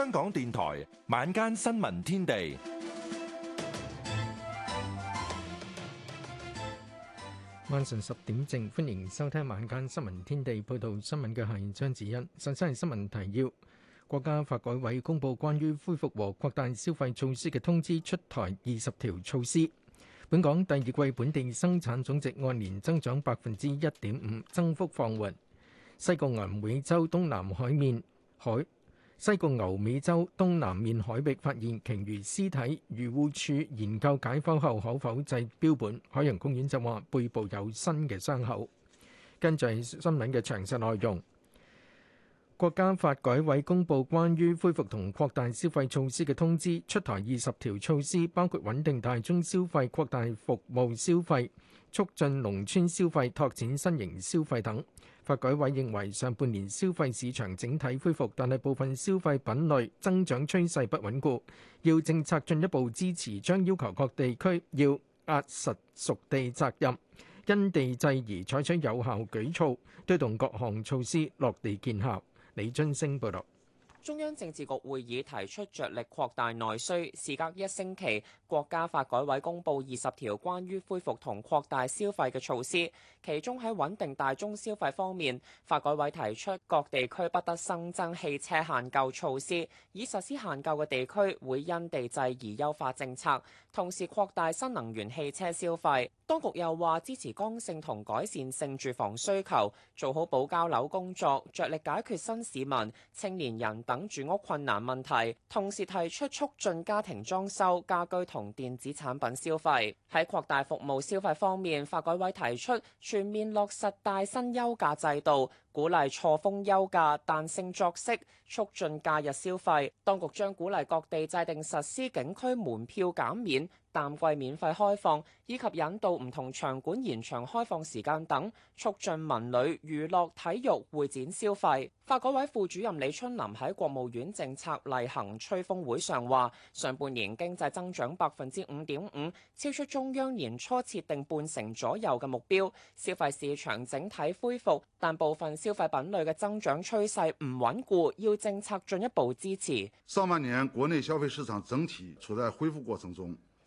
香港電台晚間新聞天地，晚上十點正，歡迎收聽晚間新聞天地，報道新聞嘅係張子欣。首先係新聞提要：國家發改委公布關於恢復和擴大消費措施嘅通知，出台二十條措施。本港第二季本地生產總值按年增長百分之一點五，增幅放緩。西貢銀尾洲東南海面海。西貢牛尾洲東南面海域發現鯨魚屍體，漁護處研究解剖後可否製標本。海洋公園就話背部有新嘅傷口。跟住新聞嘅詳細內容，國家發改委公布關於恢復同擴大消費措施嘅通知，出台二十條措施，包括穩定大宗消費、擴大服務消費。促進農村消費、拓展新型消費等。發改委認為上半年消費市場整體恢復，但係部分消費品類增長趨勢不穩固，要政策進一步支持，將要求各地區要壓實屬地責任，因地制宜採取有效舉措，推動各項措施落地見效。李津升報道。中央政治局會議提出着力擴大內需。時隔一星期，國家發改委公布二十條關於恢復同擴大消費嘅措施，其中喺穩定大宗消費方面，發改委提出各地區不得新增汽車限購措施，已實施限購嘅地區會因地制宜優化政策。同時擴大新能源汽車消費，當局又話支持剛性同改善性住房需求，做好保交樓工作，着力解決新市民、青年人等住屋困難問題。同時提出促進家庭裝修、家居同電子產品消費。喺擴大服務消費方面，發改委提出全面落實帶薪休假制度，鼓勵錯峰休假，彈性作息，促進假日消費。當局將鼓勵各地制定實施景區門票減免。淡季免費開放，以及引導唔同場館延長開放時間等，促進文旅、娛樂、體育會展消費。發改委副主任李春林喺國務院政策例行吹風會上話，上半年經濟增長百分之五點五，超出中央年初設定半成左右嘅目標，消費市場整體恢復，但部分消費品類嘅增長趨勢唔穩固，要政策進一步支持。上半年國內消費市場整體處在恢復過程中。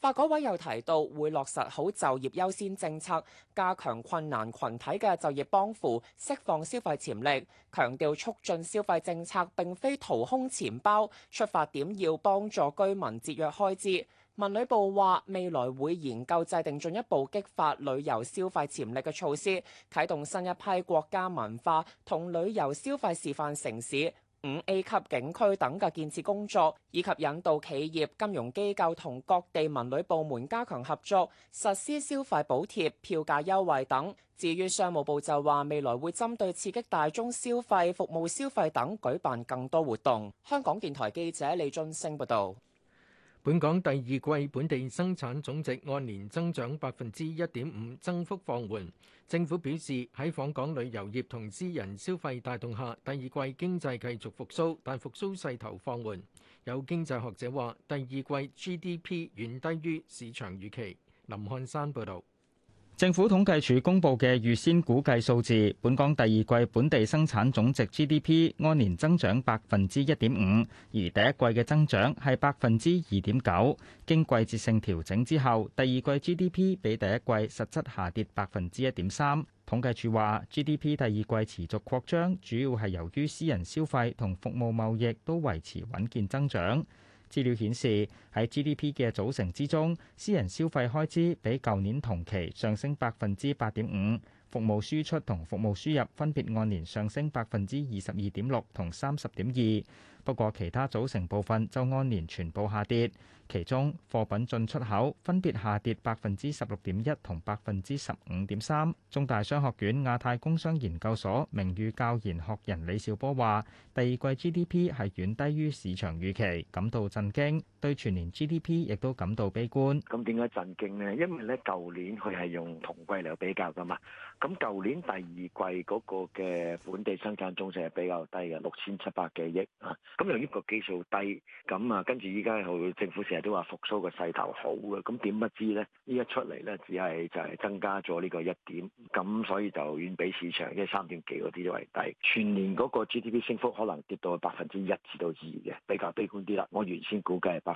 發改委又提到會落實好就業優先政策，加強困難群體嘅就業幫扶，釋放消費潛力。強調促進消費政策並非掏空錢包，出發點要幫助居民節約開支。文旅部話未來會研究制定進一步激發旅遊消費潛力嘅措施，啟動新一批國家文化同旅遊消費示範城市，五 A 級景區等嘅建設工作，以及引導企業金融機構同各地文旅部門加強合作，實施消費補貼票價優惠等。至於商務部就話未來會針對刺激大宗消費服務消費等，舉辦更多活動。香港電台記者李俊升報道。本港第二季本地生產總值按年增長百分之一點五，增幅放緩，政府表示喺訪港旅遊業同私人消費帶動下，第二季經濟繼續復蘇，但復蘇勢頭放緩，有經濟學者話第二季 GDP 遠低於市場預期。林漢山報道。政府統計處公布嘅預先估計數字，本港第二季本地生產總值 GDP 按年增長百分之一點五，而第一季嘅增長係百分之二點九。經季節性調整之後，第二季 GDP 比第一季實質下跌百分之一點三。統計處話，GDP 第二季持續擴張，主要係由於私人消費同服務貿易都維持穩健增長。資料顯示，喺 GDP 嘅組成之中，私人消費開支比舊年同期上升百分之八點五，服務輸出同服務輸入分別按年上升百分之二十二點六同三十點二。不過，其他組成部分就按年全部下跌。其中貨品進出口分別下跌百分之十六點一同百分之十五點三。中大商學院亞太工商研究所名譽教研學人李兆波話：第二季 GDP 係遠低於市場預期，感到震驚。對全年 GDP 亦都感到悲觀。咁點解震驚呢？因為咧舊年佢係用同季嚟比較噶嘛。咁舊年第二季嗰個嘅本地生產總值係比較低嘅，六千七百幾億啊。咁由於個基數低，咁啊跟住依家佢政府成日都話復蘇個勢頭好嘅。咁、啊、點不知咧？呢一出嚟咧，只係就係增加咗呢個一點。咁、啊、所以就遠比市場即係三點幾嗰啲都係低。全年嗰個 GDP 升幅可能跌到百分之一至到二嘅，比較悲觀啲啦。我原先估計係百。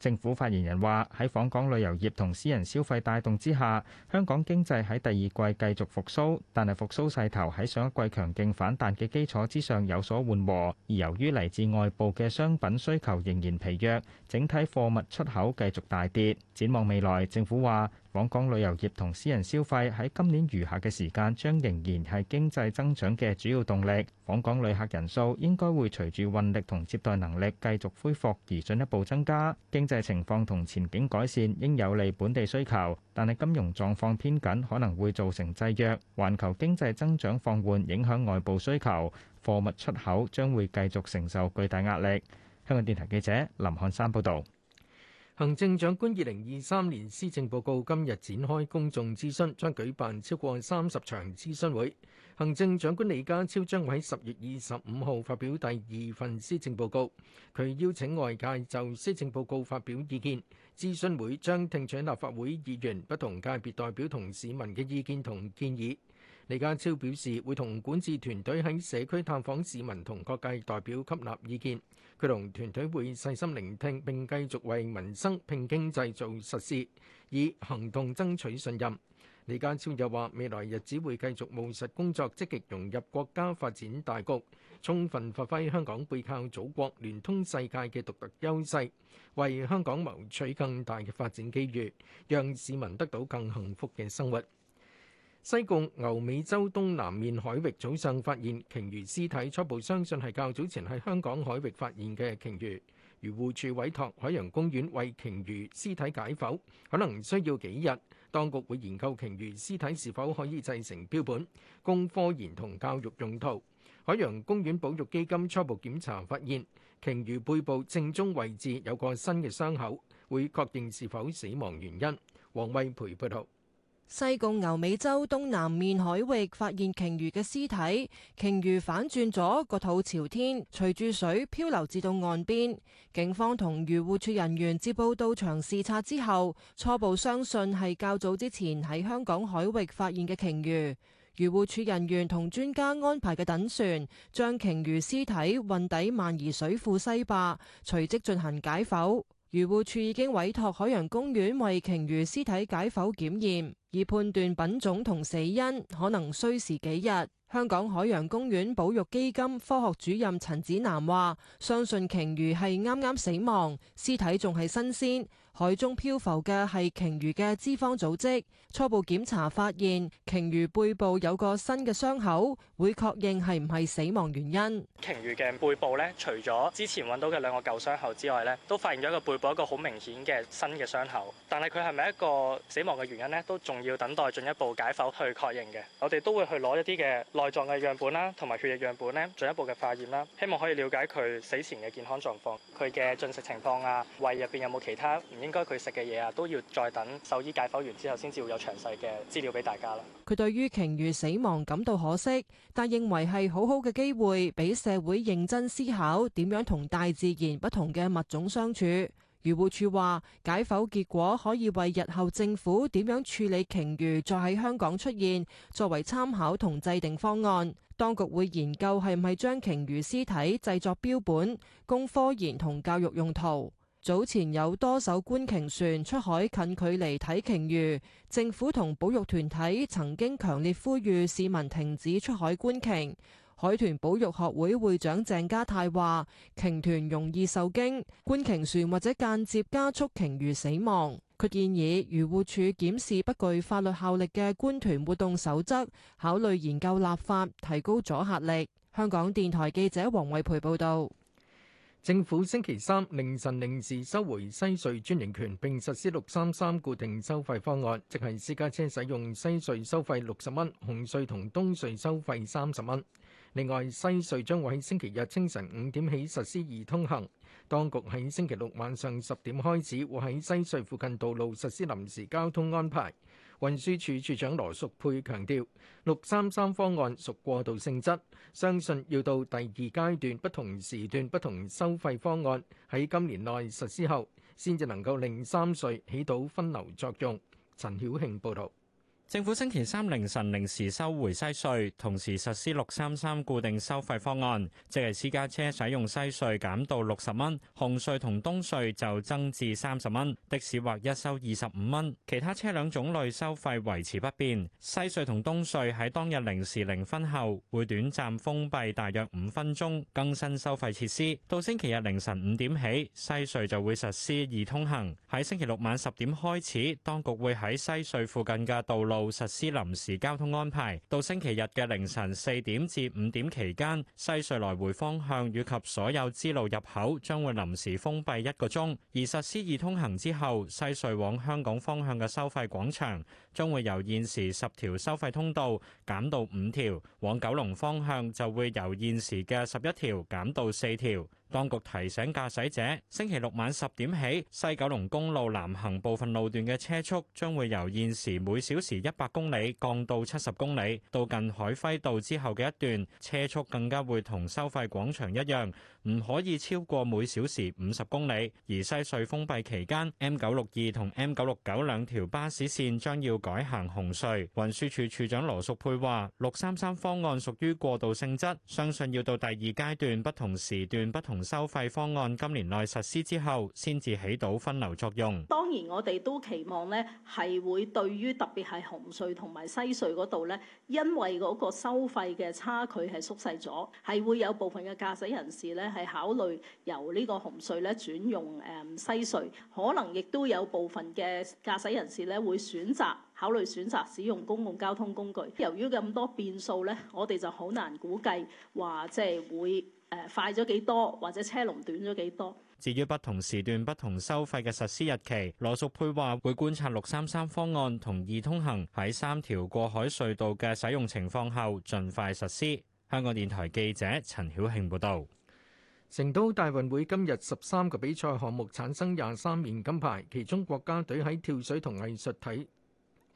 政府發言人話，喺訪港旅遊業同私人消費帶動之下，香港經濟喺第二季繼續復甦，但係復甦勢頭喺上一季強勁反彈嘅基礎之上有所緩和。而由於嚟自外部嘅商品需求仍然疲弱，整體貨物出口繼續大跌。展望未來，政府話，訪港旅遊業同私人消費喺今年餘下嘅時間將仍然係經濟增長嘅主要動力。訪港旅客人數應該會隨住運力同接待能力繼續恢復而進一步增加。經嘅情況同前景改善，應有利本地需求，但係金融狀況偏緊，可能會造成制約。環球經濟增長放緩，影響外部需求，貨物出口將會繼續承受巨大壓力。香港電台記者林漢山報導。行政長官二零二三年施政報告今日展開公眾諮詢，將舉辦超過三十場諮詢會。行政長官李家超將會喺十月二十五號發表第二份施政報告，佢邀請外界就施政報告發表意見。諮詢會將聽取立法會議員、不同界別代表同市民嘅意見同建議。李家超表示，會同管治團隊喺社區探訪市民同各界代表，吸納意見。佢同團隊會細心聆聽並繼續為民生拼經濟做實事，以行動爭取信任。李家超又話：未來日子會繼續務實工作，積極融入國家發展大局，充分發揮香港背靠祖國、聯通世界嘅獨特優勢，為香港謀取更大嘅發展機遇，讓市民得到更幸福嘅生活。西貢牛尾洲東南面海域早上發現鯨魚屍體，初步相信係較早前喺香港海域發現嘅鯨魚。漁護署委託海洋公園為鯨魚屍體解剖，可能需要幾日。當局會研究鯨魚屍體是否可以製成標本供科研同教育用途。海洋公園保育基金初步檢查發現，鯨魚背部正中位置有個新嘅傷口，會確認是否死亡原因。王惠培報道。西貢牛尾洲東南面海域發現鯨魚嘅屍體，鯨魚反轉咗個肚朝天，隨住水漂流至到岸邊。警方同漁護署人員接報到場視察之後，初步相信係較早之前喺香港海域發現嘅鯨魚。漁護署人員同專家安排嘅躉船將鯨魚屍體運抵萬宜水庫西壩，隨即進行解剖。漁護署已經委託海洋公園為鯨魚屍體解剖檢驗，以判斷品種同死因，可能需時幾日。香港海洋公園保育基金科學主任陳子南話：相信鯨魚係啱啱死亡，屍體仲係新鮮。海中漂浮嘅係鯨魚嘅脂肪組織，初步檢查發現鯨魚背部有個新嘅傷口，會確認係唔係死亡原因。鯨魚嘅背部除咗之前搵到嘅兩個舊傷口之外，都發現咗一個背部一個好明顯嘅新嘅傷口，但係佢係咪一個死亡嘅原因呢？都仲要等待進一步解剖去確認嘅。我哋都會去攞一啲嘅內臟嘅樣本啦，同埋血液樣本咧，進一步嘅化驗啦，希望可以了解佢死前嘅健康狀況，佢嘅進食情況啊，胃入邊有冇其他應該佢食嘅嘢啊，都要再等獸醫解剖完之後，先至會有詳細嘅資料俾大家啦。佢對於鯨魚死亡感到可惜，但係認為係好好嘅機會，俾社會認真思考點樣同大自然不同嘅物種相處。漁護處話，解剖結果可以為日後政府點樣處理鯨魚再喺香港出現作為參考同制定方案。當局會研究係唔係將鯨魚屍體製作標本，供科研同教育用途。早前有多艘觀鯨船出海近距離睇鯨魚，政府同保育團體曾經強烈呼籲市民停止出海觀鯨。海豚保育學會會長鄭家泰話：鯨豚容易受驚，觀鯨船或者間接加速鯨魚死亡。佢建議漁護署檢視不具法律效力嘅觀豚活動守則，考慮研究立法，提高阻嚇力。香港電台記者黃慧培報道。政府星期三凌晨零時收回西隧專營權，並實施六三三固定收費方案，即係私家車使用西隧收費六十蚊，紅隧同東隧收費三十蚊。另外，西隧將會喺星期日清晨五點起實施易通行。當局喺星期六晚上十點開始，會喺西隧附近道路實施臨時交通安排。運輸署署署長羅淑佩強調，六三三方案屬過渡性質，相信要到第二階段不同時段、不同收費方案喺今年內實施後，先至能夠令三隧起到分流作用。陳曉慶報道。政府星期三凌晨零時收回西隧，同時實施六三三固定收費方案，即係私家車使用西隧減到六十蚊，紅隧同東隧就增至三十蚊，的士或一收二十五蚊，其他車輛種類收費維持不變。西隧同東隧喺當日零時零分後會短暫封閉大約五分鐘更新收費設施。到星期日凌晨五點起，西隧就會實施易通行。喺星期六晚十點開始，當局會喺西隧附近嘅道路部實施臨時交通安排，到星期日嘅凌晨四點至五點期間，西隧來回方向以及所有支路入口將會臨時封閉一個鐘，而實施易通行之後，西隧往香港方向嘅收費廣場將會由現時十條收費通道減到五條，往九龍方向就會由現時嘅十一條減到四條。當局提醒駕駛者，星期六晚十點起，西九龍公路南行部分路段嘅車速將會由現時每小時一百公里降到七十公里，到近海輝道之後嘅一段，車速更加會同收費廣場一樣。唔可以超過每小時五十公里，而西隧封閉期間，M962 同 M969 兩條巴士線將要改行紅隧。運輸署署長羅淑佩話，六三三方案屬於過渡性質，相信要到第二階段，不同時段，不同收費方案今年內實施之後，先至起到分流作用。當然，我哋都期望咧，係會對於特別係紅隧同埋西隧嗰度咧，因為嗰個收費嘅差距係縮細咗，係會有部分嘅駕駛人士咧。係考慮由呢個紅隧咧，轉用誒西隧，可能亦都有部分嘅駕駛人士咧，會選擇考慮選擇使用公共交通工具。由於咁多變數咧，我哋就好難估計話即係會誒快咗幾多或者車龍短咗幾多。至於不同時段、不同收費嘅實施日期，羅淑佩話會觀察六三三方案同易通行喺三條過海隧道嘅使用情況後，盡快實施。香港電台記者陳曉慶報道。成都大運會今日十三個比賽項目產生廿三面金牌，其中國家隊喺跳水同藝術體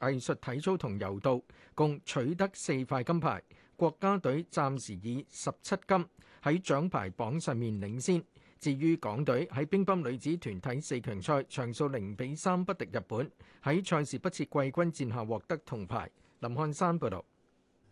藝術體操同柔道共取得四塊金牌，國家隊暫時以十七金喺獎牌榜上面領先。至於港隊喺乒乓女子團體四強賽場數零比三不敵日本，喺賽事不設季軍戰下獲得銅牌。林漢山報導。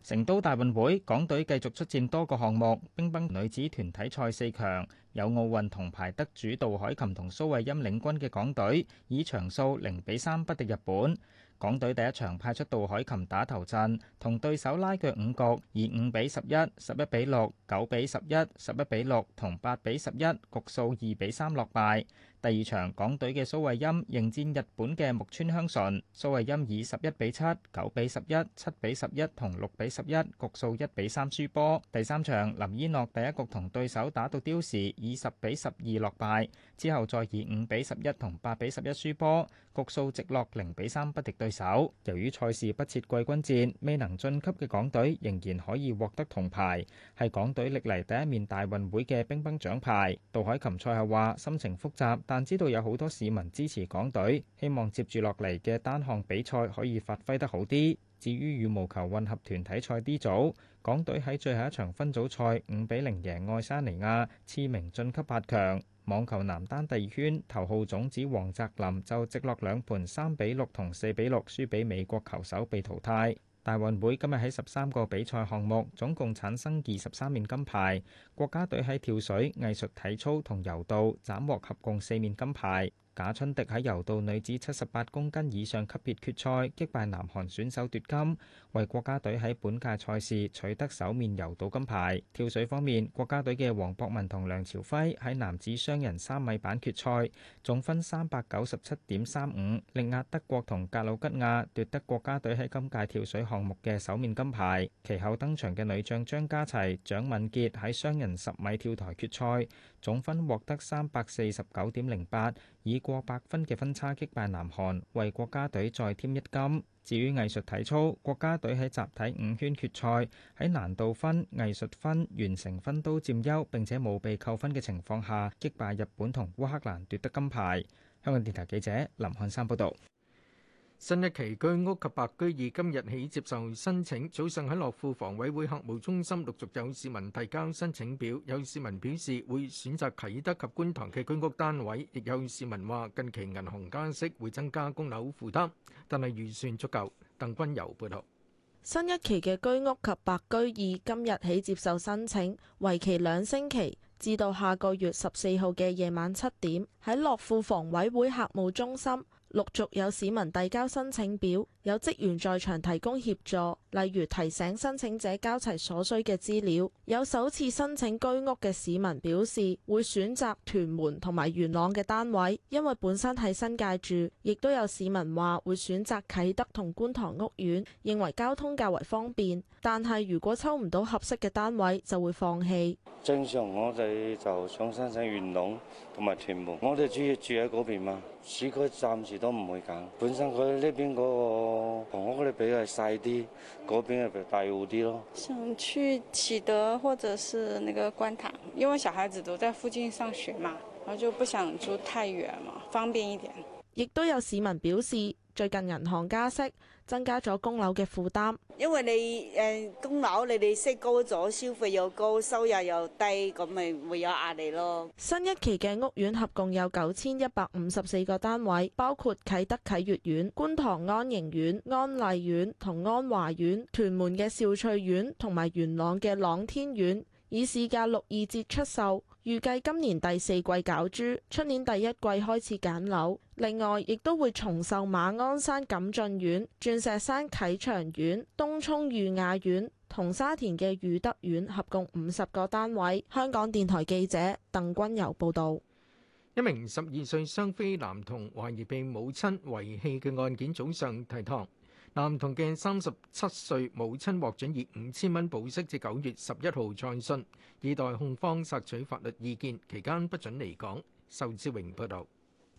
成都大運會，港隊繼續出戰多個項目。乒乓女子團體賽四強，有奧運銅牌得主杜海琴同蘇慧音領軍嘅港隊，以場數零比三不敵日本。港隊第一場派出杜海琴打頭陣，同對手拉鋸五局，以五比十一、十一比六、九比十一、十一比六同八比十一局數二比三落敗。第二場，港隊嘅蘇慧音迎戰日本嘅木村香純，蘇慧音以十一比七、九比十一、七比十一同六比十一局數一比三輸波。第三場，林依諾第一局同對手打到刁時，以十比十二落敗。之後再以五比十一同八比十一輸波，局數直落零比三不敵對手。由於賽事不設季軍戰，未能晉級嘅港隊仍然可以獲得銅牌，係港隊歷嚟第一面大運會嘅乒乓獎牌。杜海琴賽後話心情複雜，但知道有好多市民支持港隊，希望接住落嚟嘅單項比賽可以發揮得好啲。至於羽毛球混合團體賽 D 組，港隊喺最後一場分組賽五比零贏愛沙尼亞，次名晉級八強。網球男單第二圈，頭號種子王澤林就直落兩盤三比六同四比六輸俾美國球手，被淘汰。大運會今日喺十三個比賽項目，總共產生二十三面金牌。國家隊喺跳水、藝術體操同柔道斬獲合共四面金牌。賈春迪喺柔道女子七十八公斤以上級別決賽擊敗南韓選手奪金，為國家隊喺本屆賽事取得首面柔道金牌。跳水方面，國家隊嘅黃博文同梁朝輝喺男子雙人三米板決賽總分三百九十七點三五，力壓德國同格魯吉亞奪得國家隊喺今屆跳水項目嘅首面金牌。其後登場嘅女將張家齊、蔣敏傑喺雙人十米跳台決賽總分獲得三百四十九點零八。以過百分嘅分差擊敗南韓，為國家隊再添一金。至於藝術體操，國家隊喺集體五圈決賽，喺難度分、藝術分、完成分都佔優，並且冇被扣分嘅情況下，擊敗日本同烏克蘭奪得金牌。香港電台記者林漢山報導。新一期居屋及白居二今日起接受申請。早上喺樂富房委會客務中心陸續有市民提交申請表，有市民表示會選擇啟德及觀塘嘅居屋單位，亦有市民話近期銀行加息會增加供樓負擔，但係預算足夠。鄧君遊報導，新一期嘅居屋及白居二今日起接受申請，為期兩星期，至到下個月十四號嘅夜晚七點喺樂富房委會客務中心。陸續有市民遞交申請表，有職員在場提供協助。例如提醒申請者交齊所需嘅資料。有首次申請居屋嘅市民表示會選擇屯門同埋元朗嘅單位，因為本身喺新界住。亦都有市民話會選擇啟德同觀塘屋苑，認為交通較為方便。但係如果抽唔到合適嘅單位，就會放棄。正常我哋就想申請元朗同埋屯門，我哋主要住喺嗰邊嘛。市區暫時都唔會揀，本身佢呢邊嗰個房屋都比較細啲。想去啟德或者是那個觀塘，因為小孩子都在附近上學嘛，然後就不想住太遠嘛，方便一點。亦都有市民表示。最近銀行加息，增加咗供樓嘅負擔。因為你誒供樓，你哋息高咗，消費又高，收入又低，咁咪會有壓力咯。新一期嘅屋苑合共有九千一百五十四個單位，包括啟德啟悦苑、觀塘安盈苑、安麗苑同安華苑、屯門嘅兆翠苑同埋元朗嘅朗天苑，以市價六二折出售。預計今年第四季攪珠，出年第一季開始揀樓。另外，亦都會重售馬鞍山錦駿苑、鑽石山啟祥苑、東涌裕雅苑同沙田嘅裕德苑，合共五十個單位。香港電台記者鄧君遊報導。一名十二歲雙非男童懷疑被母親遺棄嘅案件，早上提堂。男童嘅三十七歲母親獲准以五千蚊保釋至九月十一號再訊，以待控方索取法律意見，期間不准離港。仇志榮報道。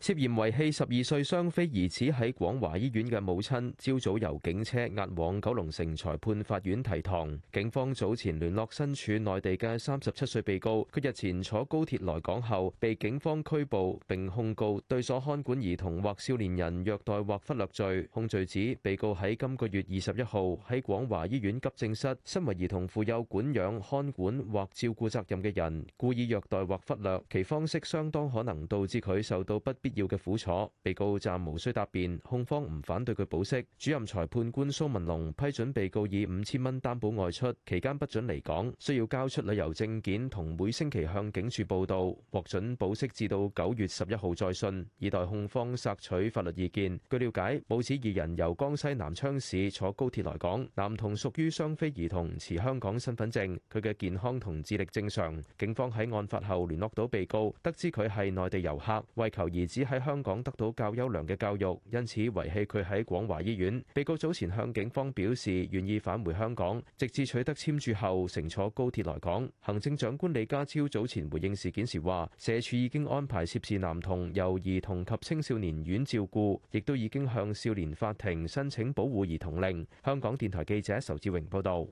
涉嫌遺棄十二歲雙非兒子喺廣華醫院嘅母親，朝早由警車押往九龍城裁判法院提堂。警方早前聯絡身處內地嘅三十七歲被告，佢日前坐高鐵來港後被警方拘捕，並控告對所看管兒童或少年人虐待或忽略罪。控罪指被告喺今個月二十一號喺廣華醫院急症室，身為兒童負有管養、看管或照顧責任嘅人，故意虐待或忽略，其方式相當可能導致佢受到不必要嘅苦楚，被告暫無需答辯，控方唔反對佢保釋。主任裁判官蘇文龍批准被告以五千蚊擔保外出，期間不准離港，需要交出旅遊證件同每星期向警署報到，獲准保釋至到九月十一號再訊，以待控方索取法律意見。據了解，母子二人由江西南昌市坐高鐵來港，男童屬於雙非兒童，持香港身份證，佢嘅健康同智力正常。警方喺案發後聯絡到被告，得知佢係內地遊客，為求兒子，喺香港得到較優良嘅教育，因此遺棄佢喺廣華醫院。被告早前向警方表示願意返回香港，直至取得簽注後乘坐高鐵來港。行政長官李家超早前回應事件時話，社署已經安排涉事男童由兒童及青少年院照顧，亦都已經向少年法庭申請保護兒童令。香港電台記者仇志榮報道。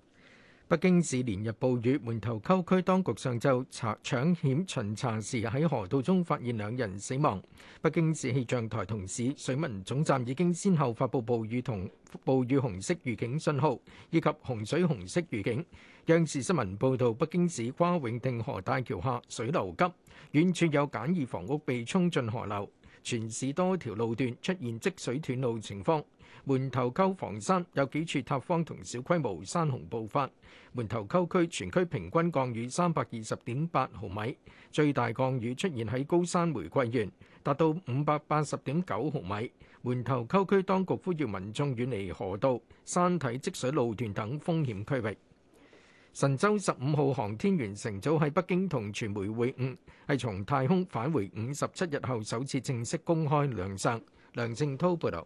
北京市連日暴雨，門頭溝區當局上晝搶險巡查時，喺河道中發現兩人死亡。北京市氣象台同市水文總站已經先後發布暴雨同暴雨紅色預警信號，以及洪水紅色預警。央視新聞報道，北京市瓜永定河大橋下水流急，遠處有簡易房屋被沖進河流，全市多條路段出現積水斷路情況。門頭溝、房山有幾處塌方同小規模山洪暴發。門頭溝區全區平均降雨三百二十點八毫米，最大降雨出現喺高山玫瑰園，達到五百八十點九毫米。門頭溝區當局呼籲民眾遠離河道、山體積水路段等風險區域。神舟十五號航天員乘組喺北京同傳媒會晤，係從太空返回五十七日後首次正式公開亮相。梁正滔報導。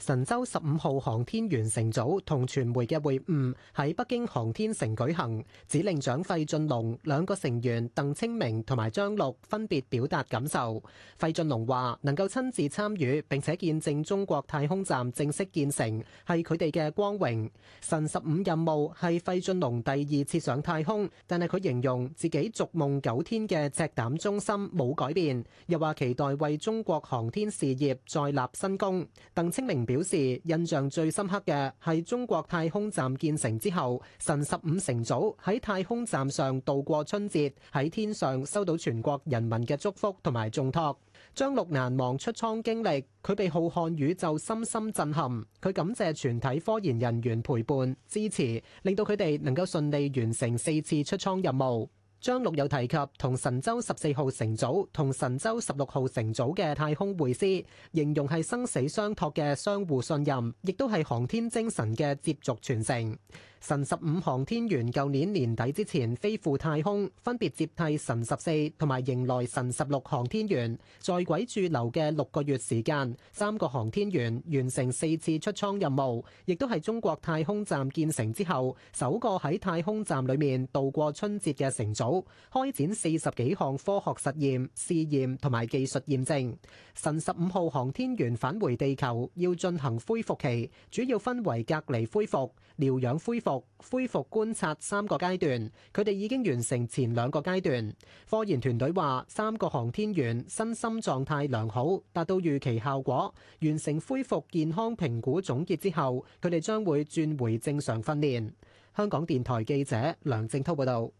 神舟十五號航天員乘組同傳媒嘅會晤喺北京航天城舉行，指令長費俊龍、兩個成員鄧清明同埋張陸分別表達感受。費俊龍話：能夠親自參與並且見證中國太空站正式建成係佢哋嘅光榮。神十五任務係費俊龍第二次上太空，但係佢形容自己逐夢九天嘅赤膽忠心冇改變，又話期待為中國航天事業再立新功。鄧清明表示印象最深刻嘅係中國太空站建成之後，神十五乘組喺太空站上度過春節，喺天上收到全國人民嘅祝福同埋重託。張陸難忘出艙經歷，佢被浩瀚宇宙深深震撼，佢感謝全體科研人員陪伴支持，令到佢哋能夠順利完成四次出艙任務。張陸有提及同神舟十四號乘組同神舟十六號乘組嘅太空會師，形容係生死相託嘅相互信任，亦都係航天精神嘅接續傳承。神十五航天員舊年年底之前飛赴太空，分別接替神十四同埋迎來神十六航天員在軌駐留嘅六個月時間。三個航天員完成四次出艙任務，亦都係中國太空站建成之後首個喺太空站裏面度過春節嘅乘組，開展四十幾項科學實驗、試驗同埋技術驗證。神十五號航天員返回地球要進行恢復期，主要分為隔離恢復、療養恢復、恢復觀察三個階段，佢哋已經完成前兩個階段。科研團隊話，三個航天員身心狀態良好，達到預期效果。完成恢復健康評估總結之後，佢哋將會轉回正常訓練。香港電台記者梁正濤報道。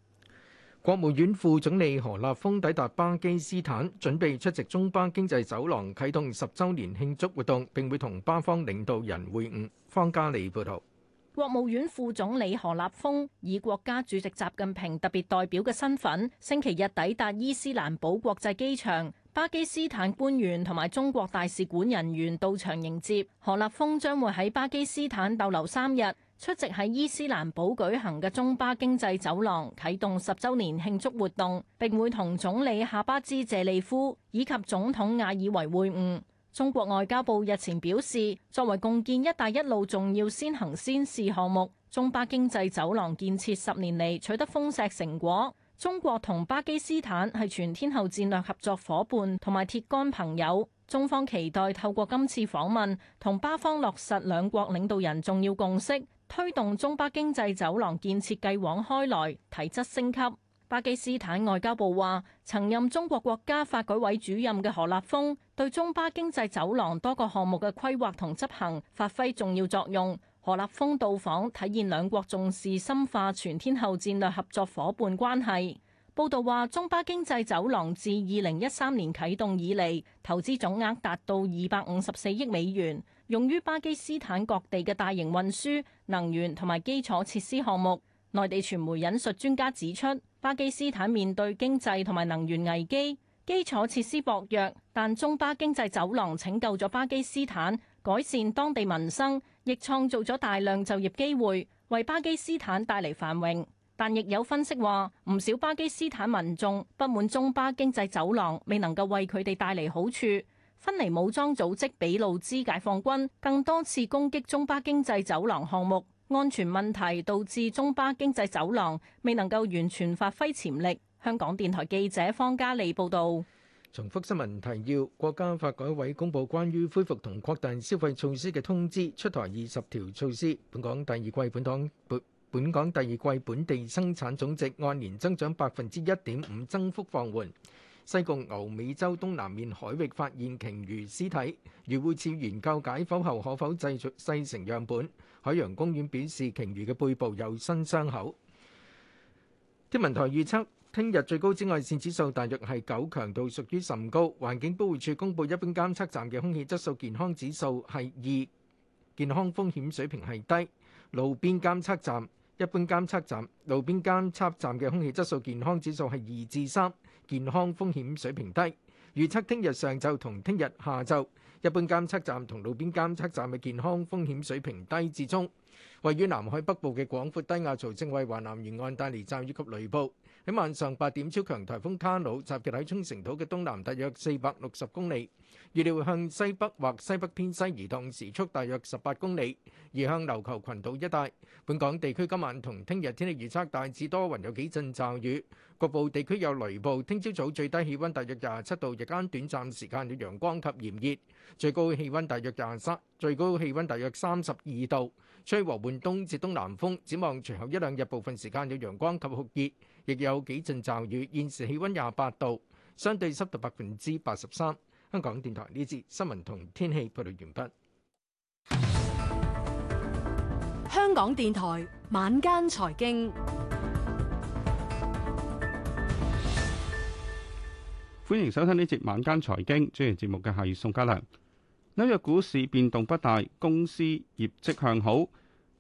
國務院副總理何立峰抵達巴基斯坦，準備出席中巴經濟走廊啟動十周年慶祝活動，並會同巴方領導人會晤。方嘉利報道。國務院副總理何立峰以國家主席習近平特別代表嘅身份，星期日抵達伊斯蘭堡國際機場，巴基斯坦官員同埋中國大使館人員到場迎接。何立峰將會喺巴基斯坦逗留三日，出席喺伊斯蘭堡舉行嘅中巴經濟走廊啟動十周年慶祝活動，並會同總理夏巴茲謝利夫以及總統亞爾維會晤。中國外交部日前表示，作為共建“一帶一路”重要先行先試項目，中巴經濟走廊建設十年嚟取得豐碩成果。中國同巴基斯坦係全天候戰略合作伙伴同埋鐵桿朋友，中方期待透過今次訪問，同巴方落實兩國領導人重要共識，推動中巴經濟走廊建設繼往開來、提質升級。巴基斯坦外交部話，曾任中國國家發改委主任嘅何立峰對中巴經濟走廊多個項目嘅規劃同執行發揮重要作用。何立峰到訪，體現兩國重視深化全天候戰略合作夥伴關係。報道話，中巴經濟走廊自二零一三年啟動以嚟，投資總額達到二百五十四億美元，用於巴基斯坦各地嘅大型運輸、能源同埋基礎設施項目。內地傳媒引述專家指出。巴基斯坦面對經濟同埋能源危機，基礎設施薄弱，但中巴經濟走廊拯救咗巴基斯坦，改善當地民生，亦創造咗大量就業機會，為巴基斯坦帶嚟繁榮。但亦有分析話，唔少巴基斯坦民眾不滿中巴經濟走廊未能夠為佢哋帶嚟好處。分離武裝組織俾路支解放軍更多次攻擊中巴經濟走廊項目。安全問題，導致中巴經濟走廊未能夠完全發揮潛力。香港電台記者方嘉莉報導。重複新聞提要：國家發改委公佈關於恢復同擴大消費措施嘅通知，出台二十條措施。本港第二季本港本港第二季本地生產總值按年增長百分之一點五，增幅放緩。西貢牛尾洲東南面海域發現鯨魚屍體，漁護署研究解剖後可否製製成樣本？海洋公園表示，鯨魚嘅背部有新傷口。天文台預測，聽日最高紫外線指數大約係九強度，屬於甚高。環境保護署公布一般監測站嘅空氣質素健康指數係二，健康風險水平係低。路邊監測站、一般監測站、路邊監測站嘅空氣質素健康指數係二至三，健康風險水平低。預測聽日上晝同聽日下晝。一般監測站同路邊監測站嘅健康風險水平低至中。位於南海北部嘅廣闊低壓槽正為華南沿岸帶嚟陣雨及雷暴。喺晚上八點，超強颱風卡努集結喺沖繩島嘅東南，大約四百六十公里。預料會向西北或西北偏西移動，時速大約十八公里，移向琉球群島一帶。本港地區今晚同聽日天氣預測大致多雲，有幾陣驟雨，局部地區有雷暴。聽朝早最低氣温大約廿七度，日間短暫時間有陽光及炎熱，最高氣温大約廿三，最高氣温大約三十二度，吹和緩東至東南風。展望隨後一兩日部分時間有陽光及酷熱，亦有幾陣驟雨。現時氣温廿八度，相對濕度百分之八十三。香港電台呢節新聞同天氣報道完畢。香港電台晚間財經，歡迎收聽呢節晚間財經。主持節目嘅係宋嘉良。紐約股市變動不大，公司業績向好，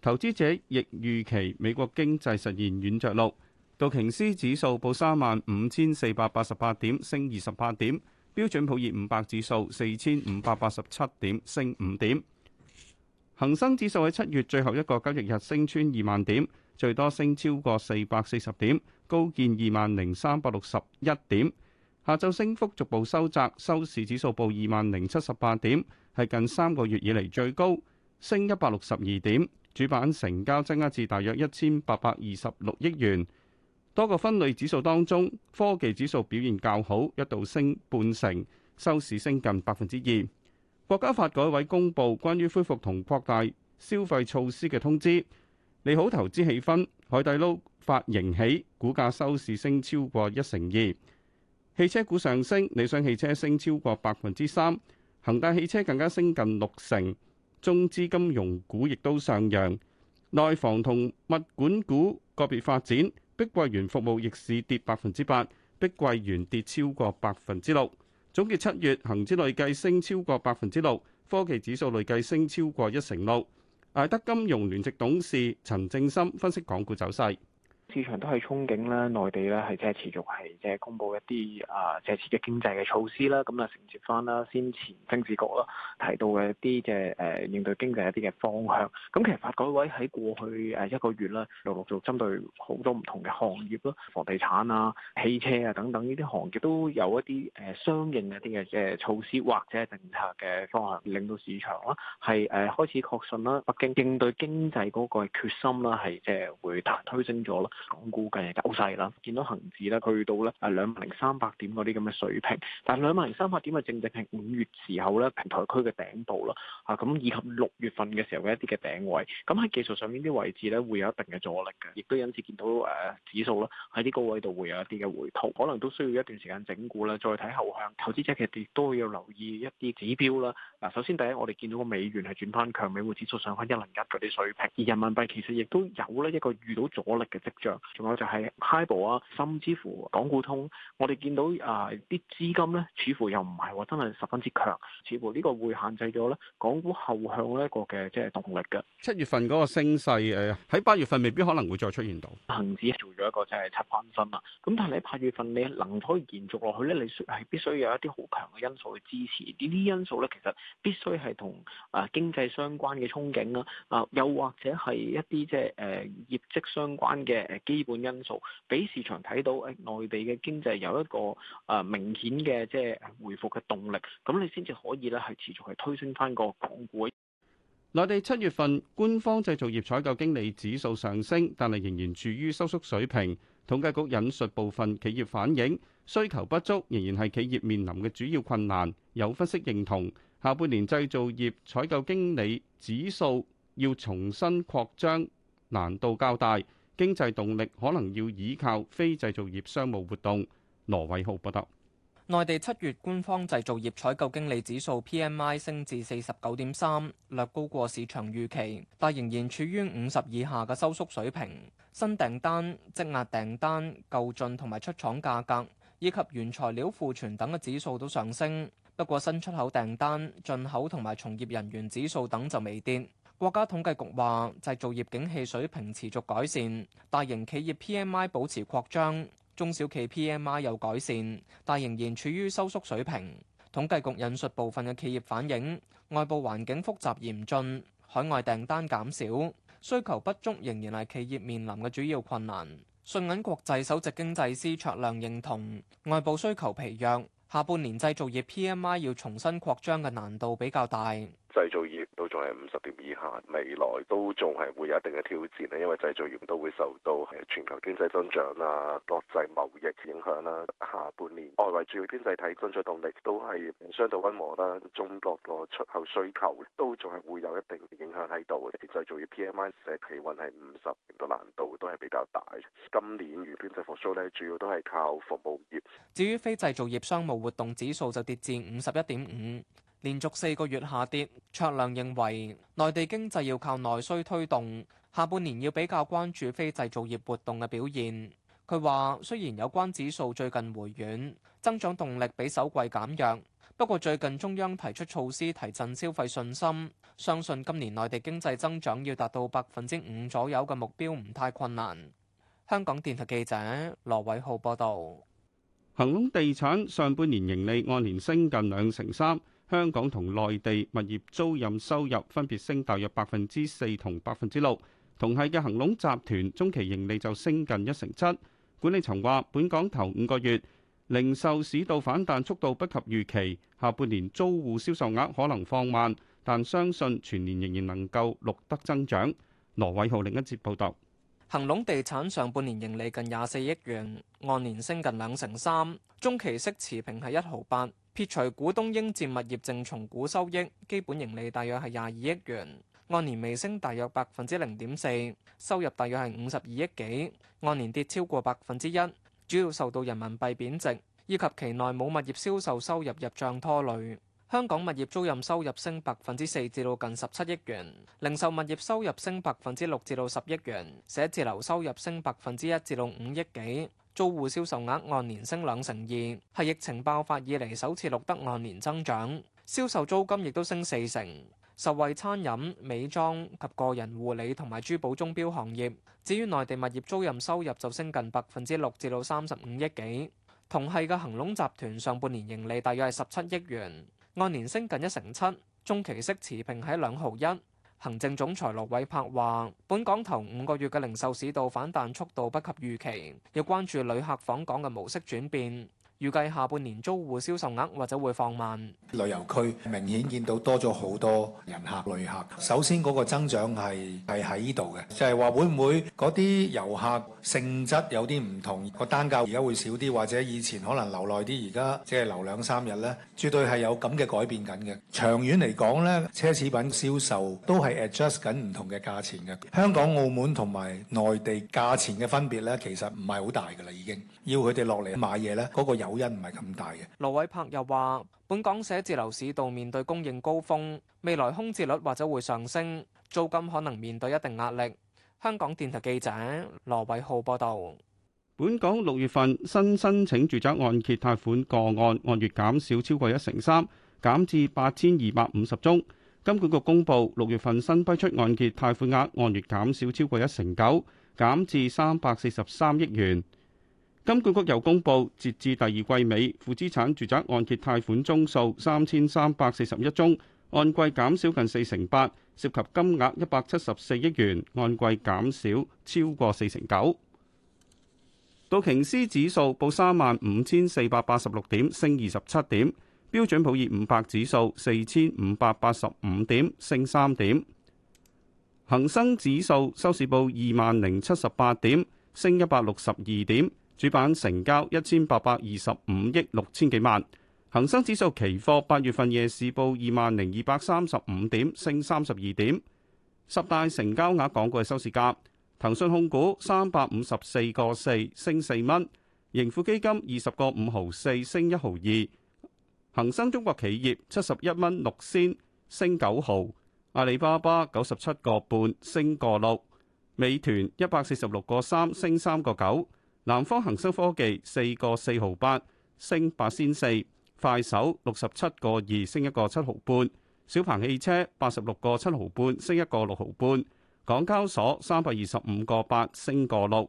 投資者亦預期美國經濟實現軟着陸。道瓊斯指數報三萬五千四百八十八點，升二十八點。標準普爾五百指數四千五百八十七點，升五點。恒生指數喺七月最後一個交易日升穿二萬點，最多升超過四百四十點，高見二萬零三百六十一點。下晝升幅逐步收窄，收市指數報二萬零七十八點，係近三個月以嚟最高，升一百六十二點。主板成交增加至大約一千八百二十六億元。多個分類指數當中，科技指數表現較好，一度升半成，收市升近百分之二。國家發改委公布關於恢復同擴大消費措施嘅通知，利好投資氣氛。海底撈發盈喜，股價收市升超過一成二。汽車股上升，理想汽車升超過百分之三，恒大汽車更加升近六成。中資金融股亦都上揚，內房同物管股個別發展。碧桂園服務逆市跌百分之八，碧桂園跌超過百分之六。總結七月恒指累計升超過百分之六，科技指數累計升超過一成六。艾德金融聯席董事陳正森分析港股走勢。市場都係憧憬啦，內地咧係即係持續係即係公布一啲啊藉此嘅經濟嘅措施啦，咁、呃、啊承接翻啦先前政治局啦提到嘅一啲嘅誒應對經濟一啲嘅方向。咁其實發改委喺過去誒一個月啦，陸陸續針對好多唔同嘅行業啦，房地產啊、汽車啊等等呢啲行業都有一啲誒相應嘅一啲嘅即措施或者政策嘅方案，令到市場啦係誒開始確信啦，北京應對經濟嗰個決心啦係即係會大推升咗咯。港股嘅走勢啦，見到恒指咧去到咧誒兩萬零三百點嗰啲咁嘅水平，但係兩萬零三百點係正正係五月時候咧平台區嘅頂部啦，嚇、啊、咁以及六月份嘅時候嘅一啲嘅頂位，咁喺技術上面啲位置咧會有一定嘅阻力嘅，亦都因此見到誒、呃、指數啦喺啲高位度會有一啲嘅回吐，可能都需要一段時間整固啦，再睇後向投資者其實亦都要留意一啲指標啦。嗱、啊，首先第一我哋見到個美元係轉翻強，美匯指數上翻一零一嗰啲水平，而人民幣其實亦都有咧一個遇到阻力嘅跡象。仲有就係 HIBOR 啊，bo, 甚至乎港股通，我哋見到啊啲、呃、資金咧，似乎又唔係話真係十分之強，似乎呢個會限制咗咧港股後向咧一個嘅即係動力嘅。七月份嗰個升勢誒，喺、呃、八月份未必可能會再出現到。恒指做咗一個即係七翻身啦，咁但係喺八月份你能夠延續落去咧，你係必須有一啲好強嘅因素去支持。呢啲因素咧，其實必須係同啊經濟相關嘅憧憬啦，啊、呃、又或者係一啲即係誒業績相關嘅基本因素俾市場睇到誒，內地嘅經濟有一個誒明顯嘅即係回復嘅動力，咁你先至可以咧係持續係推升翻個港股。內地七月份官方製造業採購經理指數上升，但係仍然處於收縮水平。統計局引述部分企業反映，需求不足仍然係企業面臨嘅主要困難。有分析認同下半年製造業採購經理指數要重新擴張難度較大。經濟動力可能要依靠非製造業商務活動。羅偉浩報道，內地七月官方製造業採購經理指數 PMI 升至四十九點三，略高過市場預期，但仍然處於五十以下嘅收縮水平。新訂單、積壓訂單、購進同埋出廠價格，以及原材料庫存等嘅指數都上升，不過新出口訂單、進口同埋從業人員指數等就未跌。國家統計局話，製造業景氣水平持續改善，大型企業 PMI 保持擴張，中小企 PMI 有改善，但仍然處於收縮水平。統計局引述部分嘅企業反映，外部環境複雜嚴峻，海外訂單減少，需求不足仍然係企業面臨嘅主要困難。信銀國際首席經濟師卓亮認同，外部需求疲弱，下半年製造業 PMI 要重新擴張嘅難度比較大。製造業誒五十點以下，未來都仲係會有一定嘅挑戰啊！因為製造業都會受到誒全球經濟增長啊、國際貿易影響啦。下半年外圍主要經濟體增長動力都係相對温和啦，中國個出口需求都仲係會有一定影響喺度。製造業 PMI 社企運係五十，都難度都係比較大。今年如經濟復蘇咧，主要都係靠服務業。至於非製造業商務活動指數就跌至五十一點五。連續四個月下跌。卓亮認為，內地經濟要靠內需推動，下半年要比較關注非製造業活動嘅表現。佢話：雖然有關指數最近回軟，增長動力比首季減弱，不過最近中央提出措施提振消費信心，相信今年內地經濟增長要達到百分之五左右嘅目標唔太困難。香港電台記者羅偉浩報道。恒隆地產上半年盈利按年升近兩成三。香港同內地物業租賃收入分別升大約百分之四同百分之六，同係嘅恒隆集團中期盈利就升近一成七。管理層話，本港頭五個月零售市道反彈速度不及預期，下半年租戶銷售額可能放慢，但相信全年仍然能夠錄得增長。羅偉浩另一節報導，恒隆地產上半年盈利近廿四億元，按年升近兩成三，中期息持平係一毫八。撇除股東應佔物業淨重估收益，基本盈利大約係廿二億元，按年微升大約百分之零點四，收入大約係五十二億幾，按年跌超過百分之一，主要受到人民幣貶值以及期內冇物業銷售收入入賬拖累。香港物業租賃收入升百分之四至到近十七億元，零售物業收入升百分之六至到十億元，寫字樓收入升百分之一至到五億幾。租戶銷售額按年升兩成二，係疫情爆發以嚟首次錄得按年增長。銷售租金亦都升四成，受惠餐飲、美妝及個人護理同埋珠寶鐘表行業。至於內地物業租賃收入就升近百分之六，至到三十五億幾。同係嘅恒隆集團上半年盈利大約係十七億元，按年升近一成七，中期息持平喺兩毫一。行政總裁羅偉柏話，本港頭五個月嘅零售市道反彈速度不及預期，要關注旅客訪港嘅模式轉變。預計下半年租戶銷售額或者會放慢。旅遊區明顯見到多咗好多人客旅客。首先嗰個增長係係喺呢度嘅，就係、是、話會唔會嗰啲遊客性質有啲唔同，個單價而家會少啲，或者以前可能留耐啲，而家即係留兩三日呢，絕對係有咁嘅改變緊嘅。長遠嚟講呢，奢侈品銷售都係 adjust 緊唔同嘅價錢嘅。香港、澳門同埋內地價錢嘅分別呢，其實唔係好大㗎啦，已經要佢哋落嚟買嘢呢，嗰、那個遊。噪音唔係咁大嘅。羅偉柏又話：本港寫字樓市道面對供應高峰，未來空置率或者會上升，租金可能面對一定壓力。香港電台記者羅偉浩報道。本港六月份新申請住宅按揭貸款個案按月減少超過一成三，減至八千二百五十宗。金管局公佈六月份新批出按揭貸款額按月減少超過一成九，減至三百四十三億元。金管局又公布，截至第二季尾，負資產住宅按揭貸款宗數三千三百四十一宗，按季減少近四成八，涉及金額一百七十四億元，按季減少超過四成九。道瓊斯指數報三萬五千四百八十六點，升二十七點；標準普爾五百指數四千五百八十五點，升三點；恒生指數收市報二萬零七十八點，升一百六十二點。主板成交一千八百二十五億六千幾萬，恒生指數期貨八月份夜市報二萬零二百三十五點，升三十二點。十大成交額港股嘅收市價，騰訊控股三百五十四個四，升四蚊，盈富基金二十個五毫四，升一毫二，恒生中國企業七十一蚊六仙，升九毫，阿里巴巴九十七個半，升個六，美團一百四十六個三，升三個九。南方恒生科技四個四毫八，升八仙四；快手六十七個二，升一個七毫半；小鵬汽車八十六個七毫半，升一個六毫半；港交所三百二十五個八，升個六；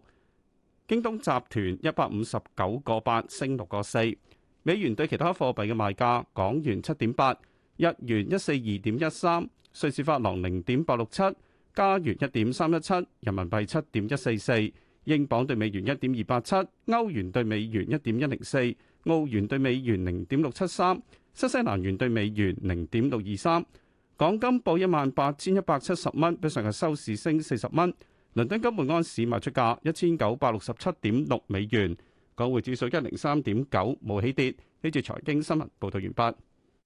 京東集團一百五十九個八，升六個四。美元對其他貨幣嘅賣價：港元七點八，日元一四二點一三，瑞士法郎零點八六七，加元一點三一七，人民幣七點一四四。英鎊對美元一點二八七，歐元對美元一點一零四，澳元對美元零點六七三，新西蘭元對美元零點六二三。港金報一萬八千一百七十蚊，比上日收市升四十蚊。倫敦金每安士賣出價一千九百六十七點六美元。港匯指數一零三點九，冇起跌。呢段財經新聞報道完畢。